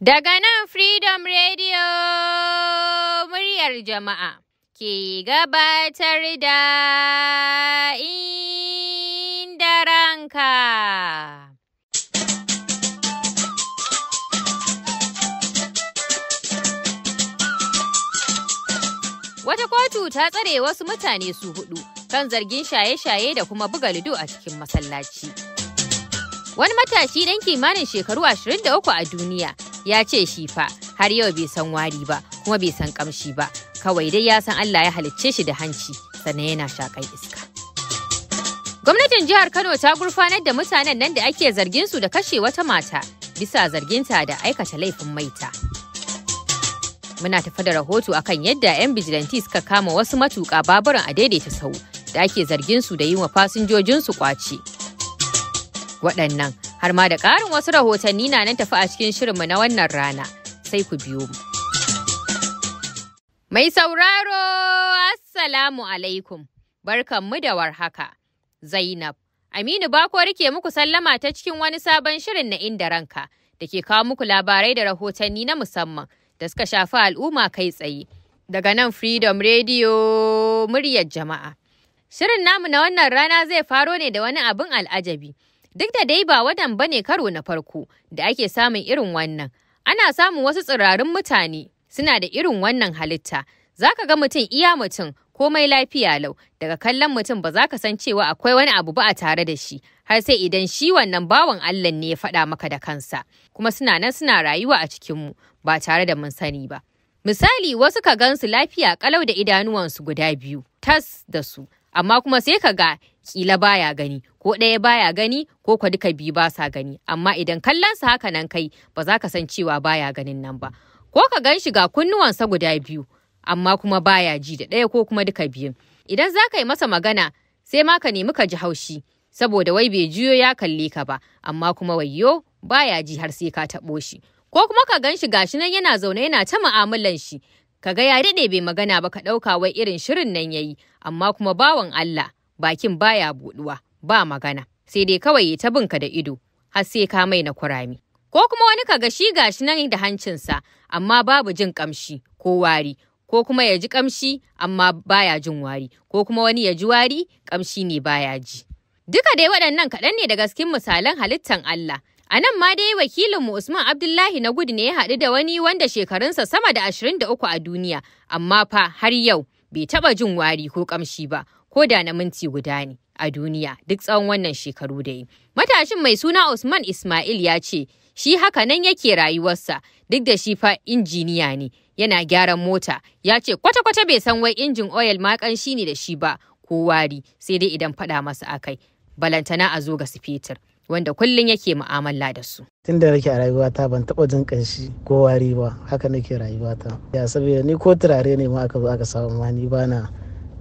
Daga nan Freedom Radio muryar jama'a ke gabatar da inda ranka. Wata kotu ta tsare wasu mutane su hudu kan zargin shaye-shaye da kuma buga lido a cikin masallaci. Wani matashi dan kimanin shekaru 23 a duniya ya ce shi fa har yau bai san wari ba kuma bai san kamshi ba kawai dai ya san Allah ya halicce shi da hanci sannan yana shakan iska. Gwamnatin jihar Kano ta gurfanar da mutanen nan da ake zargin su da kashe wata mata bisa zarginta da aikata laifin maita. Muna tafi da rahoto akan yadda 'yan bijilanti suka kama wasu matuƙa baburan a daidaita sau da ake zargin su da yi wa fasinjojin su kwace. Waɗannan har ma da ƙarin wasu rahotanni na nan tafi a cikin shirinmu na wannan rana sai ku biyo mu. Mai sauraro, Assalamu alaikum, barkanmu da warhaka, Zainab. Aminu Bako rike muku sallama ta cikin wani sabon shirin na inda ranka da ke kawo muku labarai da rahotanni na musamman da suka shafi al'umma kai tsaye. Daga nan Freedom Radio muryar jama'a. Shirin namu na wannan rana zai faro ne da wani abin al'ajabi. Duk da dai ba wadan ba ne karo na farko da ake samun irin wannan, ana samun wasu tsirarin mutane suna da irin wannan halitta. Za ka ga mutum iya mutum komai lafiya lau daga kallon mutum ba za ka san cewa akwai wani abu ba a tare da shi har sai idan shi wannan bawan Allah ne ya faɗa maka da kansa kuma suna nan suna rayuwa a cikinmu ba tare da mun sani ba. Misali wasu ka gansu lafiya ƙalau da idanuwansu guda biyu tas da su amma kuma sai ka ga kila baya gani ko ɗaya baya gani ko kwa duka biyu ba sa gani amma idan kallon sa haka nan kai ba za ka san cewa baya ganin nan ba ko ka gan shi ga kunnuwansa guda biyu amma kuma baya ji da ɗaya ko kuma duka biyun idan za ka yi masa magana sai ma ka nemi ka ji haushi saboda wai bai juyo ya kalle ka ba amma kuma wayyo baya ji har sai ka taɓo shi ko kuma ka gan shi ga shi nan yana zaune yana ta mu'amalan shi ka ga ya daɗe bai magana ba ka ɗauka wai irin shirin nan ya yi amma kuma bawan Allah bakin baya buɗuwa ba magana sai dai kawai ta binka da ido har sai ka mai na kurami ko kuma wani ka gashi gashi nan da hancinsa amma babu jin kamshi ko wari ko kuma ya ji kamshi amma baya jin wari ko kuma wani ya ji wari kamshi ne baya ji duka dai waɗannan kaɗan ne daga cikin misalan halittan Allah A nan ma dai wakilinmu Usman Abdullahi na gudu ne ya haɗu da wani wanda shekarunsa sama da 23 a duniya, amma fa har yau bai taɓa jin wari ko kamshi ba, ko da na minti guda ne. a duniya duk tsawon wannan shekaru da Matashin mai suna Usman Ismail ya ce shi haka nan yake rayuwarsa duk da shi fa injiniya ne yana gyaran mota ya ce kwata-kwata bai san wai injin oil ma shi ne da shi ba ko wari sai dai idan faɗa masa akai balantana a zo ga sifetir wanda kullum yake mu'amala da su. Tun da nake a rayuwata ban taɓa jin ƙanshi ko wari ba haka nake rayuwata. Ya saboda ni ko turare ne ma aka zo aka samu ma ni ba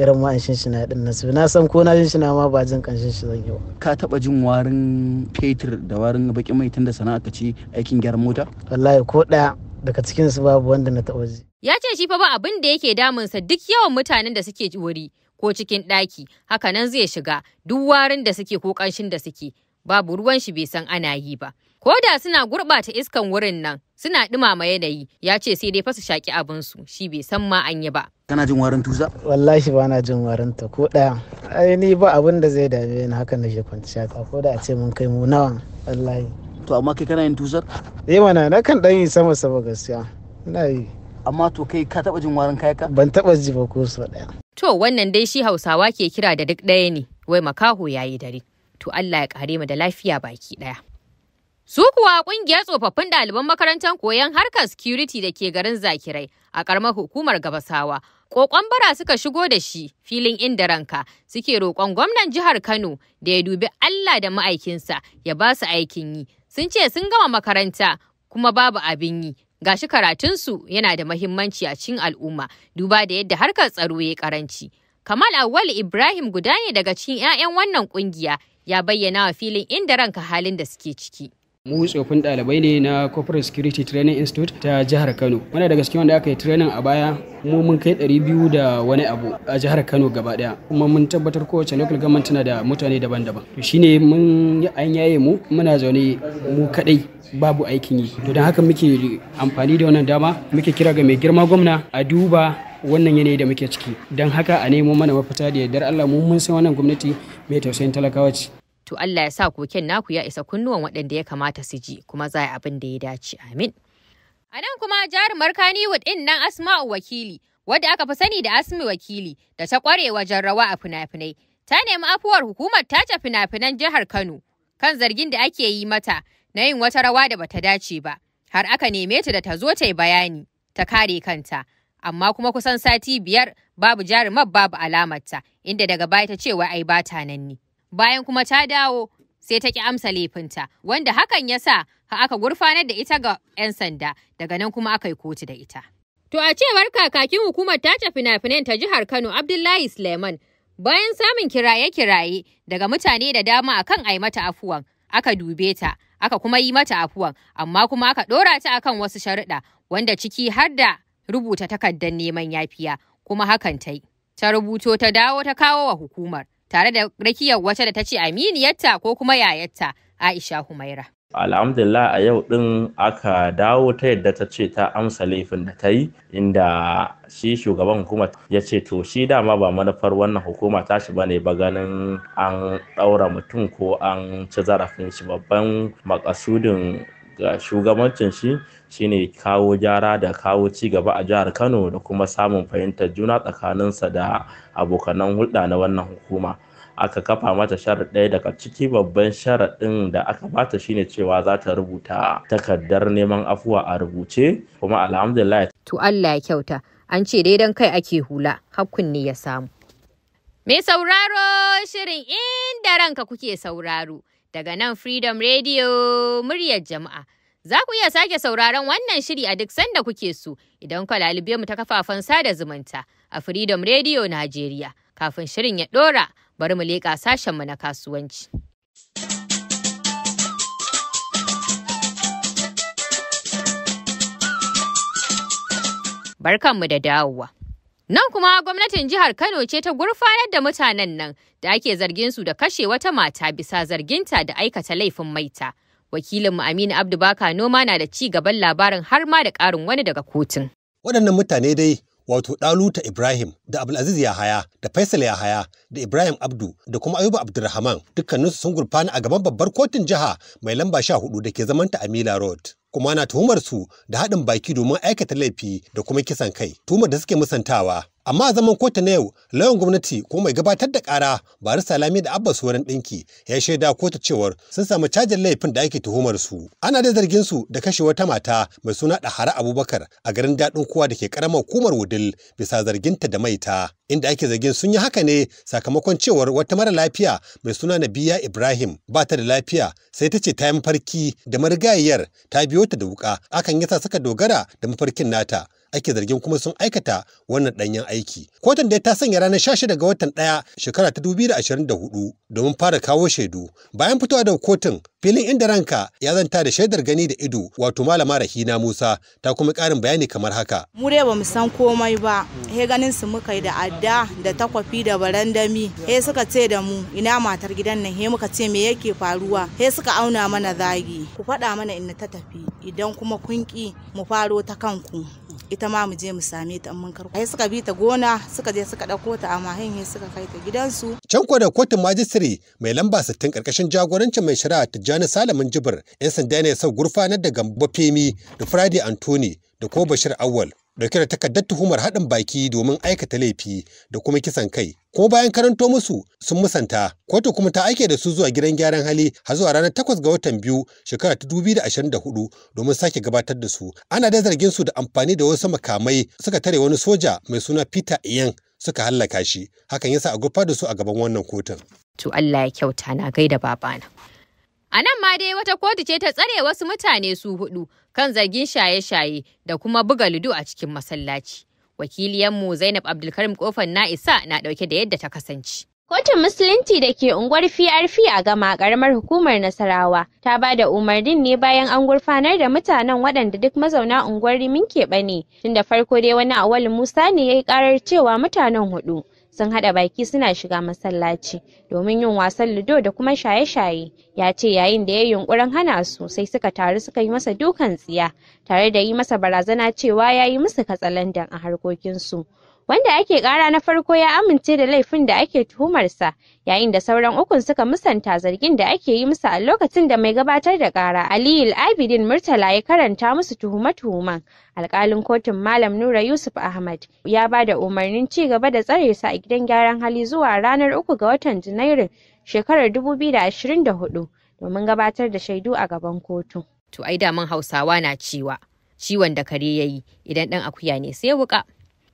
irin ma'anshin shi na din nasu na san ko na shinshina ma ba jin kan shinshina yau ka taba jin warin fetur da warin bakin mai tunda sana'a ka ci aikin gyaran mota wallahi ko daya daga cikin su babu wanda na taba ji ya ce shi fa ba abin da yake damunsa duk yawan mutanen da suke wuri ko cikin ɗaki hakanan zai shiga duk warin da suke ko kanshin da suke babu ruwan shi bai san ana yi ba Ko da suna gurɓata iskan wurin nan, suna ɗumama yanayi, ya ce sai dai fa su shaƙi abinsu, shi bai san ma an yi ba. Kana jin warin tusa? Wallahi ba na jin warin ta ko ɗaya. Ai ni ba abin da zai dame ni haka na kwanciya ta ko da a ce mun kai mu nawa wallahi. To amma kai kana yin tusar? Eh mana na kan ɗan yi sama sama gaskiya. Ina yi. Amma to kai ka taɓa jin warin kayaka? Ban taɓa ji ba ko sau ɗaya. To wannan dai shi Hausawa ke kira da duk ɗaya ne, wai makaho ya yi dare. To Allah ya kare mu da lafiya baki ɗaya. Su kuwa ƙungiyar tsofaffin ɗaliban makarantar koyon harkar security da ke garin Zakirai a ƙaramar hukumar Gabasawa. ƙoƙon bara suka shigo da shi filin inda ranka suke roƙon gwamnan jihar Kano da ya dubi Allah da ma'aikinsa ya ba su aikin yi. Sun ce sun gama makaranta kuma babu abin yi. ga Gashi karatunsu yana da mahimmanci a cikin al'umma duba da yadda harkar tsaro ya karanci. Kamal Awal Ibrahim guda ne daga cikin 'ya'yan wannan ƙungiya ya bayyana wa filin inda ranka halin da suke ciki. mu tsofin ɗalibai ne na corporate security training institute ta jihar kano wanda daga cikin wanda aka yi training a baya mu mun kai ɗari biyu da wani abu a jihar kano gaba ɗaya kuma mun tabbatar kowace local government tana da mutane daban-daban to shine mun an yaye mu muna zaune mu kaɗai babu aikin yi to don haka muke amfani da wannan dama muke kira ga mai girma gwamna a duba wannan yanayi da muke ciki don haka a nemo mana mafita da yardar Allah mu mun san wannan gwamnati mai tausayin talakawa ce To Allah ya sa koken naku ya isa kunnuwan waɗanda ya kamata su ji kuma za abin da ya dace amin. A nan kuma jarumar Kannywood ɗin nan Asma'u Wakili wadda aka fi sani da Asmi Wakili da ta kware wajen rawa a finafinai, ta nemi afuwar hukumar tace fina-finan jihar Kano kan zargin da ake yi mata na yin wata rawa da bata dace ba har aka neme ta da ta zo ta yi bayani ta kare kanta amma kuma kusan sati biyar babu jarumar babu alamarta inda daga baya ta ce wai ai bata nan ne. bayan kuma ta dawo sai ta ki amsa laifinta wanda hakan ya sa aka gurfanar da ita ga 'yan sanda daga nan kuma aka yi kotu da ita. To a cewar kakakin hukumar tace fina-finan ta jihar Kano Abdullahi Suleiman bayan samun kiraye-kiraye daga mutane da dama akan a yi mata afuwan aka dube ta aka kuma yi mata afuwan amma kuma aka ɗora ta akan wasu sharuɗa wanda ciki har da rubuta takardar neman yafiya kuma hakan ta yi. Ta rubuto ta dawo ta kawo wa hukumar. tare da rakiyar wata da ta ce aminiyarta ko kuma yayarta Aisha Humaira. Alhamdulillah a yau ɗin aka dawo ta yadda ta ce ta amsa laifin da ta yi inda shi shugaban hukuma ya ce to shi dama ba manufar wannan hukuma ta shi bane ba ganin an ɗaura mutum ko an ci zarafin shi babban makasudin ga shugabancin shi shine kawo gyara da kawo ci gaba a jihar Kano da kuma samun fahimtar juna tsakanin sa da abokanan hulɗa na wannan hukuma. Aka kafa mata sharaɗ ɗaya daga ciki babban sharaɗin da aka bata shine cewa za ta rubuta takardar neman afuwa a rubuce kuma alhamdulillah. To Allah ya kyauta, an ce dai dan kai ake hula, hakkun ne ya samu. me sauraro shirin inda ranka kuke sauraro. Daga nan Freedom Radio muryar jama'a. Za ku iya sake sauraron wannan shiri a duk sanda kuke so idan lalube mu ta kafafen sada zumunta a Freedom Radio Najeriya. Kafin shirin ya ɗora, bari mu leƙa sashen mu na kasuwanci. Barkanmu da dawowa. Nan kuma gwamnatin jihar Kano ce ta gurfanar da mutanen nan da ake zargin su da kashe wata mata bisa zarginta da aikata laifin maita. Wakilinmu Aminu Abdubaka noma na da ci gaban labarin har ma da ƙarin wani daga kotun. Waɗannan mutane dai wato Ɗaluta Ibrahim da Abdulaziz Yahaya da Faisal Yahaya da Ibrahim Abdu da kuma Ayuba Abdulrahman dukkaninsu sun gurfana a gaban babbar kotun jiha mai lamba 14 da ke zamanta Amila Road. kuma ana tuhumar su da haɗin baki domin aikata laifi da kuma kisan kai. Tuhumar da suke musantawa amma a zaman kotu na yau lawan gwamnati ko mai gabatar da kara barista salami da abbas wurin ɗinki ya shaida kotu cewar sun samu cajin laifin da ake tuhumar su ana da zargin su da kashe wata mata mai suna dahara abubakar a garin daɗin kowa da ke karamar hukumar wudil bisa zarginta da maita inda ake zargin sun yi haka ne sakamakon cewar wata mara lafiya mai suna nabiya ibrahim ba ta da lafiya sai ta ce ta yi mafarki da marigayiyar ta biyo ta da wuka akan yasa suka dogara da mafarkin nata ake zargin kuma sun aikata wannan danyen aiki. Kotun dai ta sanya ranar 16 ga watan ɗaya shekara ta 2024 domin fara kawo shaidu. Bayan fitowa daga kotun filin inda ranka ya zanta da shaidar gani da ido wato malama Rahina Musa ta kuma karin bayani kamar haka. Mu dai bamu san komai ba, he ganin su muka yi da adda da takwafi da barandami, he suka ce da mu ina matar gidan nan he muka ce me yake faruwa, he suka auna mana zagi. Ku faɗa mana inna ta tafi idan kuma kun ki mu faro ta kanku ita ma mu je mu same ta mun karko ai suka bi ta gona suka je suka dauko ta a mahin suka kai ta gidansu can da kotun majistare mai lamba 60 karkashin jagorancin mai shari'a Tijjani Salamin Jibir yan sanda ne sau gurfanar da Gambo Femi da Friday Anthony da ko Bashir Awal dauke da takaddar tuhumar haɗin baki domin aikata laifi da kuma kisan kai kuma bayan karanto musu sun musanta kotu kuma ta aike da su zuwa gidan gyaran hali har zuwa ranar takwas ga watan biyu shekara ta da da ashirin hudu domin sake gabatar da su ana da zargin su da amfani da wasu makamai suka tare wani soja mai suna Peter Iyan suka hallaka shi hakan yasa a gurfa da su a gaban wannan kotun to Allah ya kyauta na gaida babana A nan ma dai wata kotu ce ta tsare wasu mutane su hudu kan zargin shaye-shaye da kuma buga ludu a cikin masallaci. Wakiliyanmu Zainab Abdulkarim Kofar Na'isa na ɗauke da yadda ta kasance. Kotun Musulunci da ke unguwar PRP a gama karamar hukumar Nasarawa ta ba da umarnin ne bayan an gurfanar da mutanen waɗanda duk mazauna unguwar Rimin keɓe ne, tun da farko dai wani awal Musa ne ya yi ƙarar cewa mutanen hudu sun haɗa baki suna shiga masallaci domin yin wasan lido da kuma shaye-shaye ya ce yayin da ya yunkurin hana su sai suka taru suka yi masa dukan tsiya tare da yi masa barazana cewa ya yi musu katsalandan a harkokinsu. wanda ake kara na farko ya amince da laifin da ake tuhumarsa yayin da sauran ukun suka musanta zargin da ake yi musu a lokacin da mai gabatar da kara Aliyu Abidin Murtala ya karanta musu tuhume-tuhumen alkalin kotun Malam Nura Yusuf Ahmad ya ba da umarnin ci gaba da tsare sa a gidan gyaran hali zuwa ranar uku ga watan Janairun shekarar 2024 domin gabatar da shaidu a gaban kotu. To ai daman Hausawa na cewa ciwon da kare yayi idan dan akuya ne sai wuka.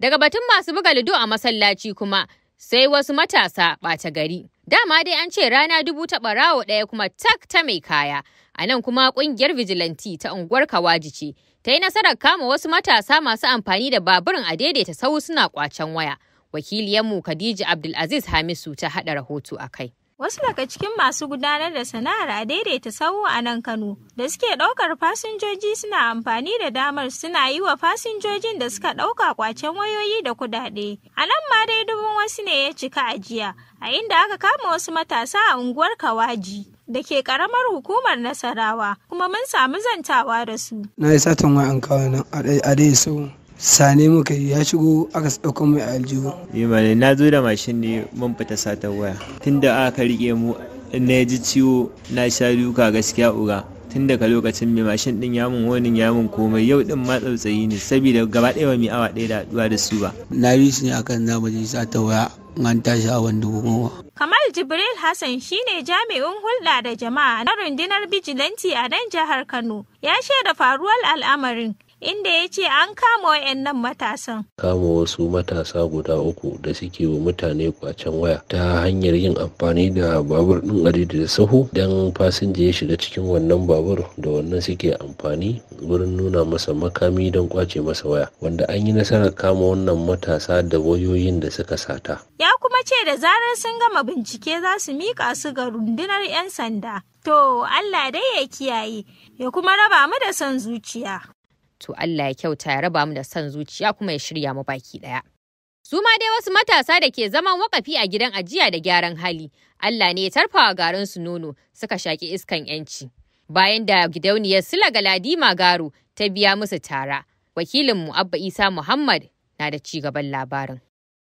Daga batun masu buga lido a masallaci kuma sai wasu matasa ɓata gari. Dama dai an ce rana dubu ta ɓarawo ɗaya kuma tak ta mai kaya. A nan kuma ƙungiyar Vigilanti ta unguwar Kawaji ce ta yi nasarar kama wasu matasa masu amfani da baburin a daidaita sahu suna ƙwacen waya. Wakiliyanmu Khadija Abdulaziz Hamisu ta haɗa rahoto a kai. Wasu daga cikin masu gudanar da sana'ar a daidaita sahu a nan Kano da suke ɗaukar fasinjoji suna amfani da damar suna yi wa fasinjojin da suka ɗauka kwacen wayoyi da kudade. A nan ma dai dubun wasu ne ya cika ajiya a inda aka kama wasu matasa a unguwar Kawaji. da ke karamar hukumar Nasarawa kuma mun samu zantawa da su. Na yi satan wa'an kawai nan a dai so sane muka ya shigo aka ɗaukan mai aljihu. Yimale na zo da mashin ne mun fita satar waya. Tunda aka rike mu na ji ciwo na sha duka gaskiya uga. tun daga lokacin mai mashin din yamun wani yamun komai yau din ma tsautsayi ne saboda gaba ɗaya mai awa ɗaya da haɗuwa da su ba. na yi shi ne akan zama je sa ta waya an tashi a wani dubu goma. kamal jibril hassan shine jami'in hulɗa da jama'a na rundunar bijilanti a nan jihar kano ya shaida faruwar al'amarin inda ya ce an kama nan matasan. Kama wasu matasa guda uku da suke wa mutane kwacen waya ta hanyar yin amfani da babur ɗin adida da sahu don fasinja ya shiga cikin wannan babur da wannan suke amfani wurin nuna masa makami don kwace masa waya wanda an yi nasarar kama wannan matasa da wayoyin da suka sata. Ya kuma ce da zarar sun gama bincike za su miƙa su ga rundunar 'yan sanda. To Allah dai ya kiyaye ya kuma raba mu da son zuciya. To Allah ya kyauta ya raba mu da son zuciya kuma ya shirya mu baki ɗaya. Suma dai wasu matasa da ke zaman wakafi a gidan ajiya da gyaran hali, Allah ne ya tarfawa garin su nono suka shaƙi iskan 'yanci. Bayan da gidauniyar Sila Galadima Garo ta biya musu tara, wakilinmu Abba Isa Muhammad na da ci gaban labarin.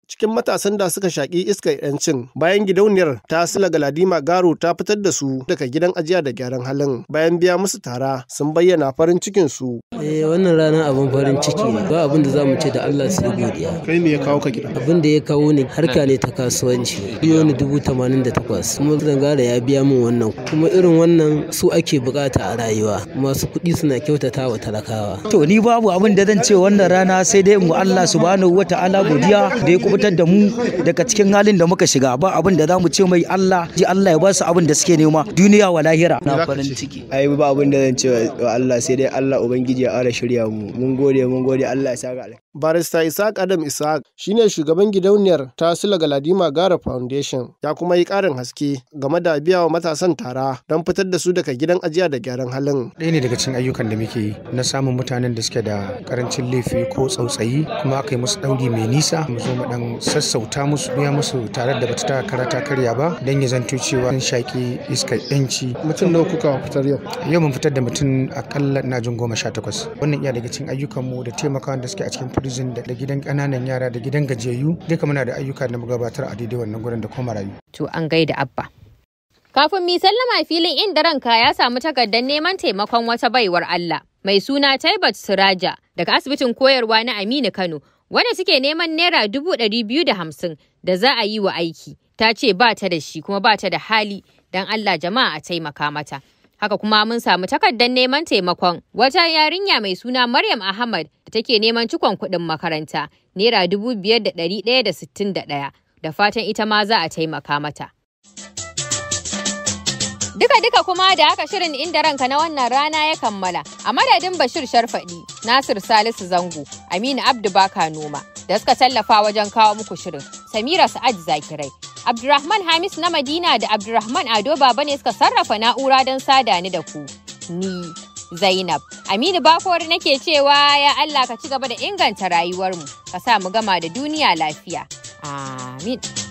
cikin matasan da suka shaƙi iska 'yancin bayan gidauniyar ta sila galadima garo ta fitar da su daga gidan ajiya da gyaran halin bayan biya musu tara sun bayyana farin cikin su eh wannan rana abin farin ciki ne ba abin da za mu ce da Allah su godiya kai ne ya kawo ka gida abin da ya kawo ni harka ne ta kasuwanci miliyon dubu tamanin da takwas kuma zangara ya biya min wannan kuma irin wannan su ake bukata a rayuwa masu kuɗi suna kyautata wa talakawa to ni babu abin da zan ce wannan rana sai dai in Allah subhanahu wataala godiya da ya fitar da mu daga cikin halin da muka shiga ba abin da za mu ce mai Allah ji Allah ya ba su abin da suke nema duniya wa lahira na farin ciki ai ba abin da zan ce wa Allah sai dai Allah ubangiji ya ara shirya mu mun gode mun gode Allah ya saka Barista Isaac Adam Isaac shine shugaban gidauniyar Tasila Galadima Gara Foundation ya kuma yi ƙarin haske game da biya wa matasan tara don fitar da su daga gidan ajiya da gyaran halin. Ɗaya ne daga cikin ayyukan da muke yi na samun mutanen da suke da karancin laifi ko tsautsayi kuma aka yi musu ɗauri mai nisa mu zo mu ɗan sassauta musu biya musu tare da bata ta karata karya ba don ya zanto cewa sun shaƙi iskar ƴanci. Mutum nawa kuka fitar yau? Yau mun fitar da mutum akalla ina jin goma sha takwas. Wannan iya daga cikin ayyukanmu da taimakawa da suke a cikin tourism da gidan kananan yara da gidan gajiyayyu duka muna da ayyuka na mu gabatar a daidai wannan gurin da kuma rayu. to an gaida abba Kafin mi sallama filin inda ranka ya samu takardar neman taimakon wata baiwar Allah mai suna Taibat Suraja daga asibitin koyarwa na Aminu Kano wanda suke neman naira dubu ɗari biyu da hamsin da za a yi wa aiki. Ta ce ba ta da shi kuma ba ta da hali don Allah jama'a a taimaka mata. Haka kuma mun samu takardar neman taimakon wajen yarinya mai suna Maryam Ahmad da take neman cikon kuɗin makaranta Naira dubu biyar da ɗari ɗaya da sittin da ɗaya da fatan ita ma za a taimaka mata. Duka-duka kuma da haka shirin inda ranka na wannan rana ya kammala a madadin Bashir Sharfaɗi, Nasir Salisu Zango, Aminu Abdu Baka Noma da suka tallafa wajen kawo muku shirin, Samira Sa'ad Zakirai Abdurrahman Hamis na Madina da Abdurrahman Ado Baba ne suka sarrafa na'ura don sada ni da ku. Ni Zainab. Aminu Bakor nake cewa ya Allah ka ci gaba da inganta rayuwarmu, ka sa mu gama da duniya lafiya. Amin.